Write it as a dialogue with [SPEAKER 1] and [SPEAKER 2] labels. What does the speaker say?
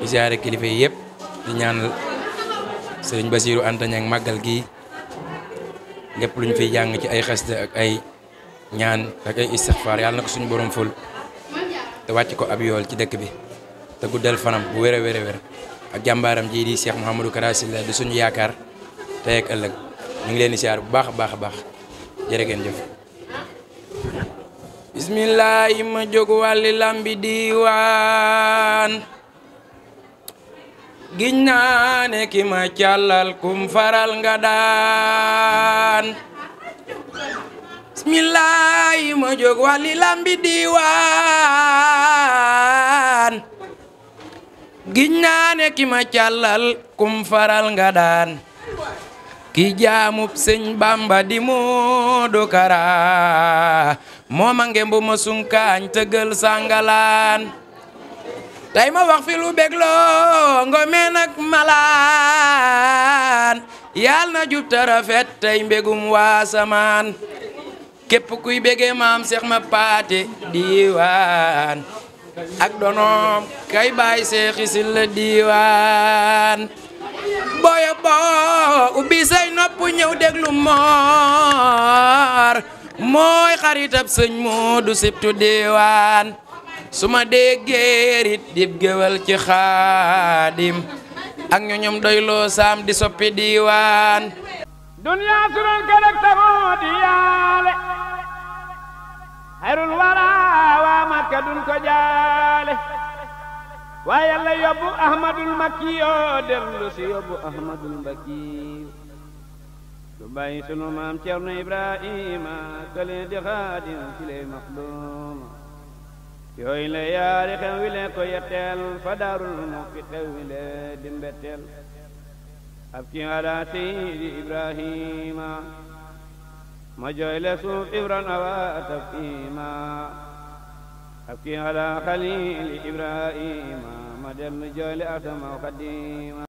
[SPEAKER 1] di ziaré kilifa yépp di ñaan serigne basirou antagne ak magal gi lépp luñ fi jang ci ay xasida ak ay ñaan ak ay istighfar yalla na suñu borom ful te wacc ko ab yool ci dëkk bi te guddal fanam bu wéré wéré wér ak jambaram ji di Cheikh Mouhamadou Kara Sylla di suñu yaakar tey ak ëlëk ñu ngi leen di bu baax baax baax jërë ngeen jëf bismillaahi ma jóg wàlli lambi ginnane ki ma càllal kum faral nga daan bismillahi ma jóg lambi diwan. ginnane ki ma càllal kum faral nga daan ki jaamub sëñ bamba di modo kara mo mo sangalan tey ma wax fi lu bégloo ngomeen menak malan, yal na jub te rafet tey mbégum waa samaan kuy bege mam seex ma pate diwan ak donom kay bay seexi si diwan boy bo ubi ubbi say nopp ñëw déglu mor moy xaritab sëñ Moodu diwan su ma dee géerit dib géwal ci xaadim ak ñoñom doyloo saam di soppi diiwaan
[SPEAKER 2] duniya suron kalak tamoo di yaale xayrul wara waa makka dun ko jaale waa yàlla yóbbu ahmadul makki yoo dellu si yóbbu ahmadul makki du bàyyi sunu maam ceerno ibrahima ka leen xaadim ci lay maxduma yooyu la yaari xew wi le ko yetteel fa daarul mu fi xew wi le dimbetteel ab ki ala seydi ibrahima ma jooy le suuf ibran awa tafima ab ki ala xalili ibrahima ma dellu jooy le asamaw xadima